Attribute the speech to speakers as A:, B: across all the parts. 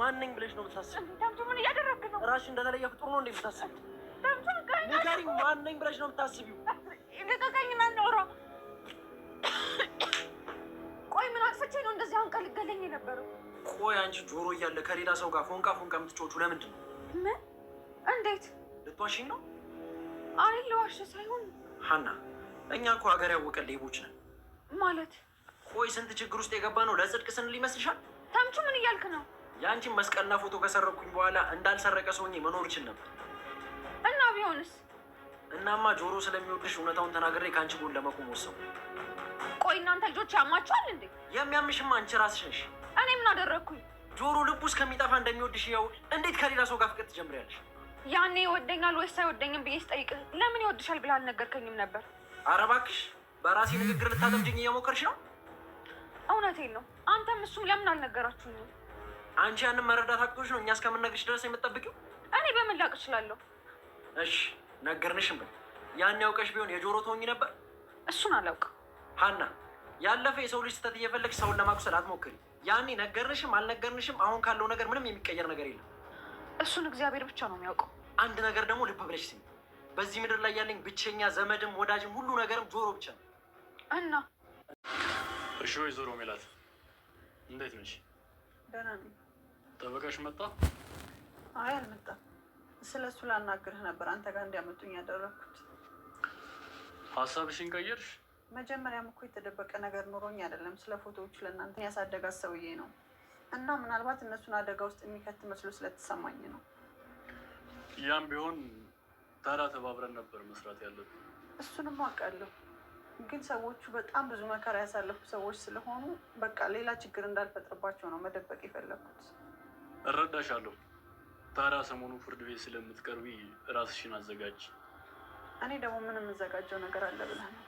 A: ማነኝ ብለሽ ነው የምታስቢው? እራስሽ እንደተለየ ፍጡር ነው እንደ የምታስቢው? ንገሪኝ፣ ብለሽ ነው የምታስቢው?
B: ቆይ ምን አቅፍቼ ነው እንደዚህ አሁን ቀን የነበረው?
A: ቆይ አንቺ ጆሮ እያለ ከሌላ ሰው ጋር ፎንቃ ፎንቃ የምትጮቹ ለምንድን ነው?
B: ምን? እንዴት ልትዋሽኝ ነው? አይ ልዋሽ ሳይሆን
A: ሀና፣ እኛ እኮ ሀገር ያወቀን ሌቦች ነን ማለት። ቆይ ስንት ችግር ውስጥ የገባ ነው ለጽድቅ ስንል ይመስልሻል?
B: ታምቹ ምን እያልክ ነው?
A: የአንቺን መስቀልና ፎቶ ከሰረኩኝ በኋላ እንዳልሰረቀ ሰውኝ መኖር ይችል ነበር።
B: እና ቢሆንስ?
A: እናማ ጆሮ ስለሚወድሽ እውነታውን ተናግሬ ከአንቺ ጎን ለመቆም ወሰው።
B: ቆይ እናንተ ልጆች ያማችኋል እንዴ?
A: የሚያምሽማ አንቺ ራስሽ ነሽ።
B: እኔ ምን አደረግኩኝ?
A: ጆሮ ልቡ እስከሚጠፋ እንደሚወድሽ ያው እንዴት ከሌላ ሰው ጋር ፍቅር ትጀምሪያለሽ?
B: ያኔ ይወደኛል ወይስ አይወደኝም ብዬ ስጠይቅህ ለምን ይወድሻል ብለህ አልነገርከኝም ነበር?
A: አረባክሽ እባክሽ በራሴ ንግግር ልታጠምጂኝ እየሞከርሽ ነው።
B: እውነቴን ነው። አንተም እሱም ለምን አልነገራችሁኝም?
A: አንቺ ያንን መረዳት አቅቶች ነው እኛ እስከምነግርሽ ድረስ የምጠብቂው?
B: እኔ በምን ላቅ እችላለሁ?
A: እሺ ነገርንሽም ያን ያውቀሽ ቢሆን የጆሮ ትሆኚ ነበር።
B: እሱን አላውቅም
A: ሀና። ያለፈ የሰው ልጅ ስህተት እየፈለግሽ ሰውን ለማቁሰል አትሞክሪ። ያኔ ነገርንሽም አልነገርንሽም አሁን ካለው ነገር ምንም የሚቀየር ነገር የለም።
B: እሱን እግዚአብሔር ብቻ ነው የሚያውቀው።
A: አንድ ነገር ደግሞ ልብ ብለሽ ስሚ። በዚህ ምድር ላይ ያለኝ ብቸኛ ዘመድም ወዳጅም ሁሉ ነገርም ጆሮ ብቻ ነው
B: እና
C: እሺ፣ ወይዘሮ ሜላት እንዴት ነሽ? ደህና ነኝ። ጠበቃሽ መጣ?
B: አይ አልመጣም። ስለ እሱ ላናግርህ ነበር አንተ ጋር እንዲያመጡኝ ያደረግኩት።
C: ሀሳብሽን ቀየርሽ?
B: መጀመሪያም እኮ የተደበቀ ነገር ኑሮኝ አይደለም። ስለ ፎቶዎቹ ለእናንተ ያሳደጋት ሰውዬ ነው እና ምናልባት እነሱን አደጋ ውስጥ የሚከት መስሎ ስለተሰማኝ ነው።
C: ያም ቢሆን ታዲያ ተባብረን ነበር መስራት ያለብን።
B: እሱንም አውቃለሁ፣ ግን ሰዎቹ በጣም ብዙ መከራ ያሳለፉ ሰዎች ስለሆኑ በቃ ሌላ ችግር እንዳልፈጥርባቸው ነው መደበቅ የፈለግኩት።
C: እረዳሻለሁ። ታዲያ ሰሞኑ ፍርድ ቤት ስለምትቀርቢ ራስሽን አዘጋጅ።
B: እኔ ደግሞ ምን የምዘጋጀው ነገር አለ ብለህ ነው?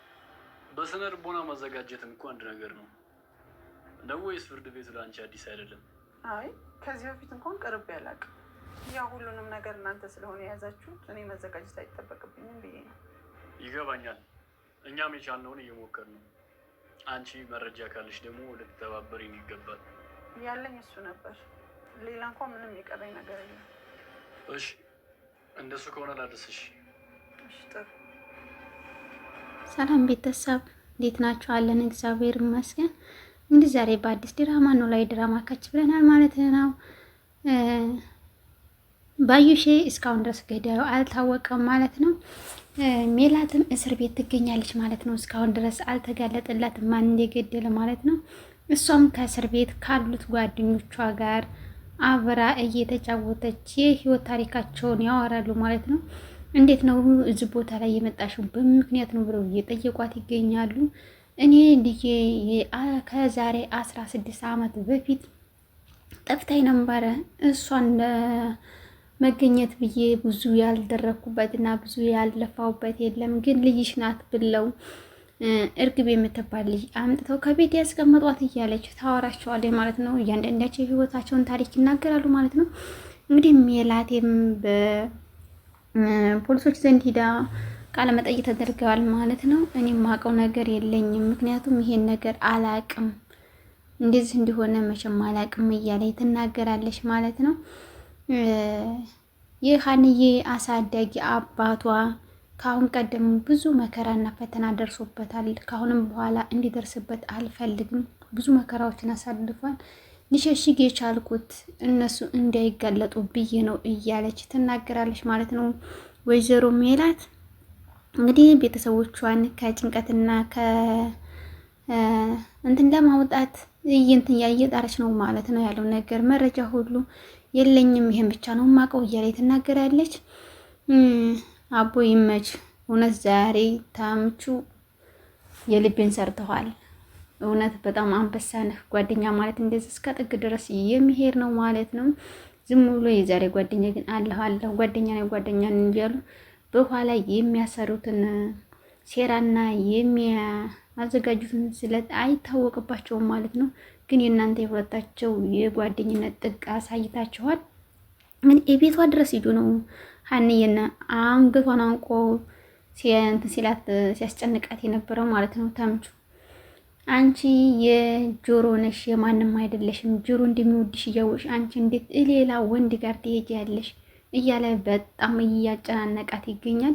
C: በስነ ልቦና ማዘጋጀትም እኮ አንድ ነገር ነው። ነው ወይስ ፍርድ ቤት ለአንቺ አዲስ አይደለም?
B: አይ ከዚህ በፊት እንኳን ቅርብ ያላቅ ያ ሁሉንም ነገር እናንተ ስለሆነ የያዛችሁ እኔ መዘጋጀት አይጠበቅብኝም ብዬ ነው።
C: ይገባኛል። እኛም የቻልነውን እየሞከር ነው። አንቺ መረጃ ካለሽ ደግሞ ልትተባበሪን ይገባል።
B: ያለኝ እሱ ነበር። ሌላ እንኳን ምንም የቀረኝ ነገር የለም።
C: እሺ እንደሱ ከሆነ ላድርስሽ።
D: ሰላም ቤተሰብ እንዴት ናችሁ? አለን እግዚአብሔር ይመስገን። እንግዲህ ዛሬ በአዲስ ድራማ ነው ላይ ድራማ ካች ብለናል ማለት ነው። ባዩሼ እስካሁን ድረስ ገዳዩ አልታወቀም ማለት ነው። ሜላትም እስር ቤት ትገኛለች ማለት ነው። እስካሁን ድረስ አልተጋለጠላትም ማን እንደገደለ ማለት ነው። እሷም ከእስር ቤት ካሉት ጓደኞቿ ጋር አብራ እየተጫወተች የህይወት ታሪካቸውን ያወራሉ ማለት ነው። እንዴት ነው እዚህ ቦታ ላይ የመጣሽው በምን ምክንያት ነው ብለው እየጠየቋት ይገኛሉ። እኔ ልጄ ከዛሬ አስራ ስድስት ዓመት በፊት ጠፍታኝ ነበረ። እሷን ለመገኘት ብዬ ብዙ ያልደረግኩበት እና ብዙ ያልለፋውበት የለም፣ ግን ልጅሽ ናት ብለው እርግብ የምትባል ልጅ አምጥተው ከቤት ያስቀመጧት እያለች ታወራቸዋለች ማለት ነው። እያንዳንዳቸው ህይወታቸውን ታሪክ ይናገራሉ ማለት ነው። እንግዲህ ሜላቴም በፖሊሶች ዘንድ ሂዳ ቃለ መጠይቅ ተደርገዋል ማለት ነው። እኔ ማውቀው ነገር የለኝም፣ ምክንያቱም ይሄን ነገር አላቅም፣ እንደዚህ እንዲሆነ መቼም አላቅም እያለች ትናገራለች ማለት ነው። ይህ ሀንዬ አሳዳጊ አባቷ ከአሁን ቀደም ብዙ መከራና ፈተና ደርሶበታል። ከአሁንም በኋላ እንዲደርስበት አልፈልግም። ብዙ መከራዎችን አሳልፏል። ሊሸሽግ የቻልኩት እነሱ እንዳይጋለጡ ብዬ ነው እያለች ትናገራለች ማለት ነው። ወይዘሮ ሜላት እንግዲህ ቤተሰቦቿን ከጭንቀትና ከእንትን ለማውጣት እይንትን እያጣረች ነው ማለት ነው። ያለው ነገር መረጃ ሁሉ የለኝም፣ ይሄን ብቻ ነው ማቀው እያለች ትናገራለች። አቦ ይመች። እውነት ዛሬ ታምቹ የልቤን ሰርተዋል። እውነት በጣም አንበሳ ነህ። ጓደኛ ማለት እንደዚህ እስከ ጥግ ድረስ የሚሄድ ነው ማለት ነው። ዝም ብሎ የዛሬ ጓደኛ ግን አለሁ አለሁ ጓደኛ ነው ጓደኛ ነው እያሉ በኋላ የሚያሰሩትን ሴራና የሚያዘጋጁትን ስለት አይታወቅባቸውም ማለት ነው። ግን የእናንተ የሁለታቸው የጓደኝነት ጥግ አሳይታችኋል። ምን የቤቷ ድረስ ሂዱ ነው ሀንዬና አንገቷን አንቆ ሲንት ሲላት ሲያስጨንቃት የነበረው ማለት ነው። ተምቹ አንቺ የጆሮ ነሽ የማንም አይደለሽም፣ ጆሮ እንደሚወድሽ እያወቅሽ አንቺ እንዴት ሌላ ወንድ ጋር ትሄጃለሽ? እያለ በጣም እያጨናነቃት ይገኛል።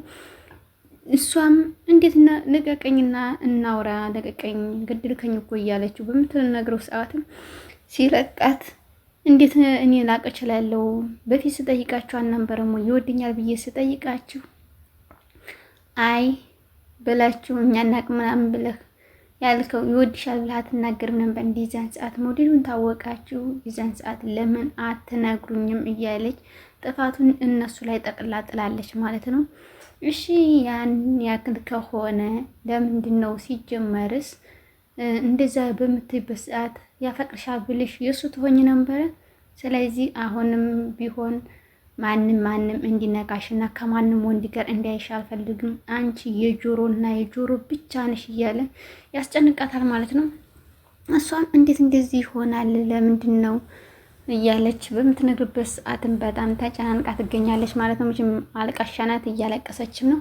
D: እሷም እንዴት ለቀቀኝና እናውራ ለቀቀኝ ገድልከኝ እኮ እያለችው በምትነግረው ሰዓትም ሲለቃት እንዴት እኔ ላቅ እችላለሁ? በፊት ስጠይቃችሁ አልነበረም ይወድኛል ብዬ ስጠይቃችሁ አይ ብላችሁ እኛ እናቅ ምናምን ብለህ ያልከው ይወድሻል ብለህ አትናገርም ነበር። እንደ ዛን ሰዓት ሞዴሉን ታወቃችሁ፣ የዛን ሰዓት ለምን አትነግሩኝም እያለች ጥፋቱን እነሱ ላይ ጠቅላ ጥላለች ማለት ነው። እሺ ያን ያክል ከሆነ ለምንድን ነው ሲጀመርስ እንደዛ በምትይበት ሰዓት ያፈቅርሻል ብልሽ የእሱ ትሆኝ ነበረ። ስለዚህ አሁንም ቢሆን ማንም ማንም እንዲነቃሽና ከማንም ወንድ ጋር እንዲያይሽ አልፈልግም፣ አንቺ የጆሮ እና የጆሮ ብቻ ነሽ እያለ ያስጨንቃታል ማለት ነው። እሷም እንዴት እንደዚህ ይሆናል ለምንድን ነው እያለች በምትነግርበት ሰዓትም በጣም ተጨናንቃ ትገኛለች ማለት ነው። መቼም አልቃሻ ናት፣ እያለቀሰችም ነው።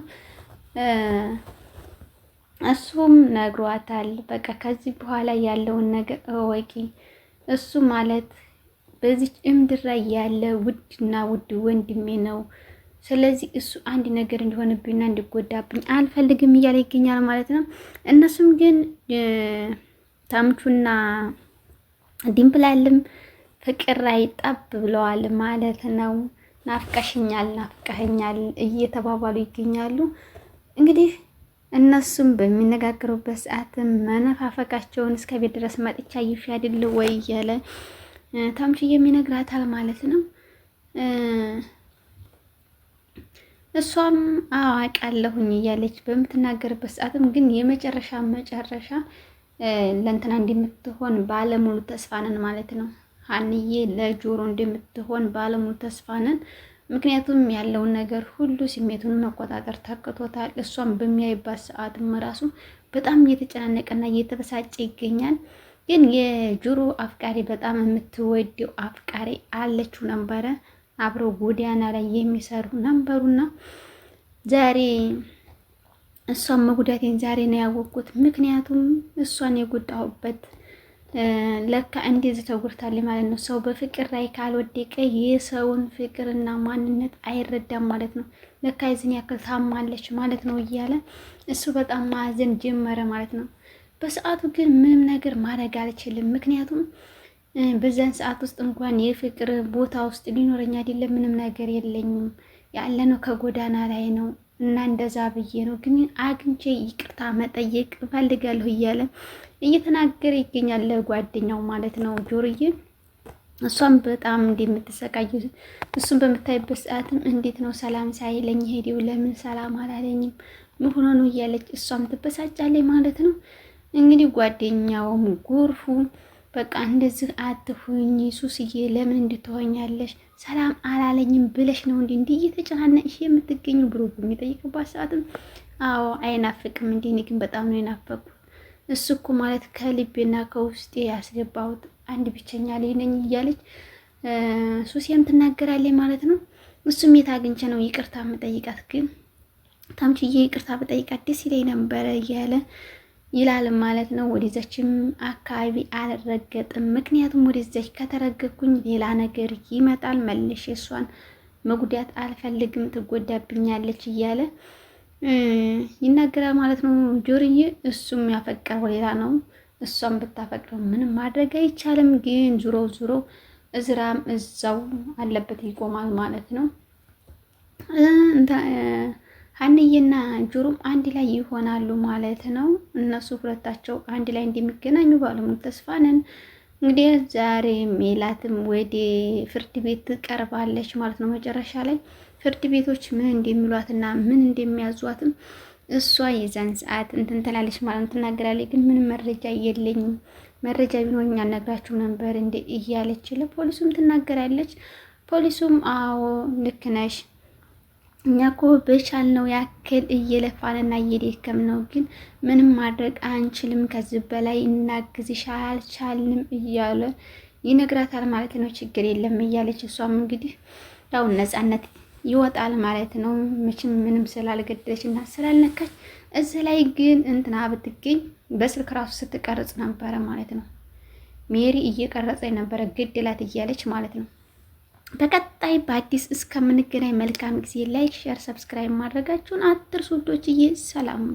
D: እሱም ነግሯታል። በቃ ከዚህ በኋላ ያለውን ነገር እወቂ። እሱ ማለት በዚች እምድር ላይ ያለ ውድና ውድ ወንድሜ ነው። ስለዚህ እሱ አንድ ነገር እንዲሆንብኝና እንዲጎዳብኝ አልፈልግም እያለ ይገኛል ማለት ነው። እነሱም ግን ታምቹና ዲምፕላልም ፍቅር ላይ ጠብ ብለዋል ማለት ነው። ናፍቀሽኛል፣ ናፍቀኸኛል እየተባባሉ ይገኛሉ እንግዲህ እነሱም በሚነጋገሩበት ሰዓት መነፋፈቃቸውን እስከ ቤት ድረስ መጥቻ ይፍ ያድል ወይ እያለ ታምሽዬም ይነግራታል ማለት ነው። እሷም አዋቃለሁኝ እያለች በምትናገርበት ሰዓትም ግን የመጨረሻ መጨረሻ ለእንትና እንደምትሆን ባለሙሉ ተስፋ ነን ማለት ነው። ሀንዬ ለጆሮ እንደምትሆን ባለሙሉ ተስፋ ነን። ምክንያቱም ያለውን ነገር ሁሉ ስሜቱን መቆጣጠር ታቅቶታል። እሷም በሚያይባት ሰዓትም ራሱ በጣም እየተጨናነቀና እየተበሳጨ ይገኛል። ግን የጆሮ አፍቃሪ በጣም የምትወደው አፍቃሪ አለችው ነበረ። አብረው ጎዳና ላይ የሚሰሩ ነበሩና ዛሬ እሷን መጉዳቴን ዛሬ ነው ያወቅኩት። ምክንያቱም እሷን የጎዳሁበት ለካ እንዲህ ተጎድታለች ማለት ነው። ሰው በፍቅር ላይ ካልወደቀ የሰውን ፍቅርና ማንነት አይረዳም ማለት ነው። ለካ ይዝን ያክል ታማለች ማለት ነው እያለ እሱ በጣም ማዘን ጀመረ ማለት ነው። በሰዓቱ ግን ምንም ነገር ማድረግ አልችልም፣ ምክንያቱም በዛን ሰዓት ውስጥ እንኳን የፍቅር ቦታ ውስጥ ሊኖረኝ አይደለም፣ ምንም ነገር የለኝም፣ ያለ ነው ከጎዳና ላይ ነው እና እንደዛ ብዬ ነው ግን አግኝቼ ይቅርታ መጠየቅ እፈልጋለሁ እያለ እየተናገረ ይገኛል ለጓደኛው ማለት ነው ጆርዬ እሷም በጣም እንደምትሰቃይ እሱም በምታይበት ሰዓትም እንዴት ነው ሰላም ሳይለኝ ሄዲው ለምን ሰላም አላለኝም ምሆኖ ነው እያለች እሷም ትበሳጫለች ማለት ነው እንግዲህ ጓደኛውም ጎርፉ በቃ እንደዚህ አትሁኝ ሱስዬ፣ ለምን እንድትሆኛለሽ ሰላም አላለኝም ብለሽ ነው እንዲ እንዲ እየተጨናነቅሽ የምትገኙ ብሎ የሚጠይቅባት ሰዓትም አዎ አይናፍቅም እንዲ እኔ ግን በጣም ነው የናፈቅኩት። እሱ እኮ ማለት ከልቤና ከውስጤ ያስገባሁት አንድ ብቸኛ ልጅ ነኝ እያለች ሱሲያም ትናገራለች ማለት ነው። እሱም የት አግኝቼ ነው ይቅርታ መጠይቃት ግን ታምችዬ ይቅርታ በጠይቃት ደስ ይለኝ ነበረ እያለ ይላል ማለት ነው። ወደዛችም አካባቢ አልረገጥም፣ ምክንያቱም ወደዛች ከተረገኩኝ ሌላ ነገር ይመጣል፣ መልሼ እሷን መጉዳት አልፈልግም፣ ትጎዳብኛለች እያለ ይናገራል ማለት ነው። ጆርዬ እሱም ያፈቀረው ሌላ ነው፣ እሷም ብታፈቅረው ምንም ማድረግ አይቻልም። ግን ዙሮ ዙሮ እዝራም እዛው አለበት ይቆማል ማለት ነው። ሀንዬና ጁሩም አንድ ላይ ይሆናሉ ማለት ነው። እነሱ ሁለታቸው አንድ ላይ እንደሚገናኙ ባለሙሉ ተስፋ ነን። እንግዲህ ዛሬ ሜላትም ወደ ፍርድ ቤት ትቀርባለች ማለት ነው። መጨረሻ ላይ ፍርድ ቤቶች ምን እንደሚሏትና ምን እንደሚያዟትም እሷ የዛን ሰዓት እንትን ትላለች ማለት ነው፣ ትናገራለች። ግን ምንም መረጃ የለኝም፣ መረጃ ቢኖር ቢኖረኝ ነግራችሁ ነበር እንደ እያለች ለፖሊሱም ትናገራለች። ፖሊሱም አዎ ልክ ነሽ እኛ እኮ ነው ያክል እየለፋንና እየደከም ነው፣ ግን ምንም ማድረግ አንችልም፣ ከዚህ በላይ እናግዝሽ አልቻልንም እያለ ይነግራታል ማለት ነው። ችግር የለም እያለች እሷም እንግዲህ ያው ነጻነት ይወጣል ማለት ነው። መቼም ምንም ስላልገደለች እና ስላልነካች። እዚህ ላይ ግን እንትና ብትገኝ በስልክ ራሱ ስትቀርጽ ነበረ ማለት ነው። ሜሪ እየቀረጸ ነበረ ግድላት እያለች ማለት ነው። በቀጣይ በአዲስ እስከምንገናኝ መልካም ጊዜ። ላይክ፣ ሼር፣ ሰብስክራይብ ማድረጋችሁን አትርሱ ውዶችዬ። ሰላም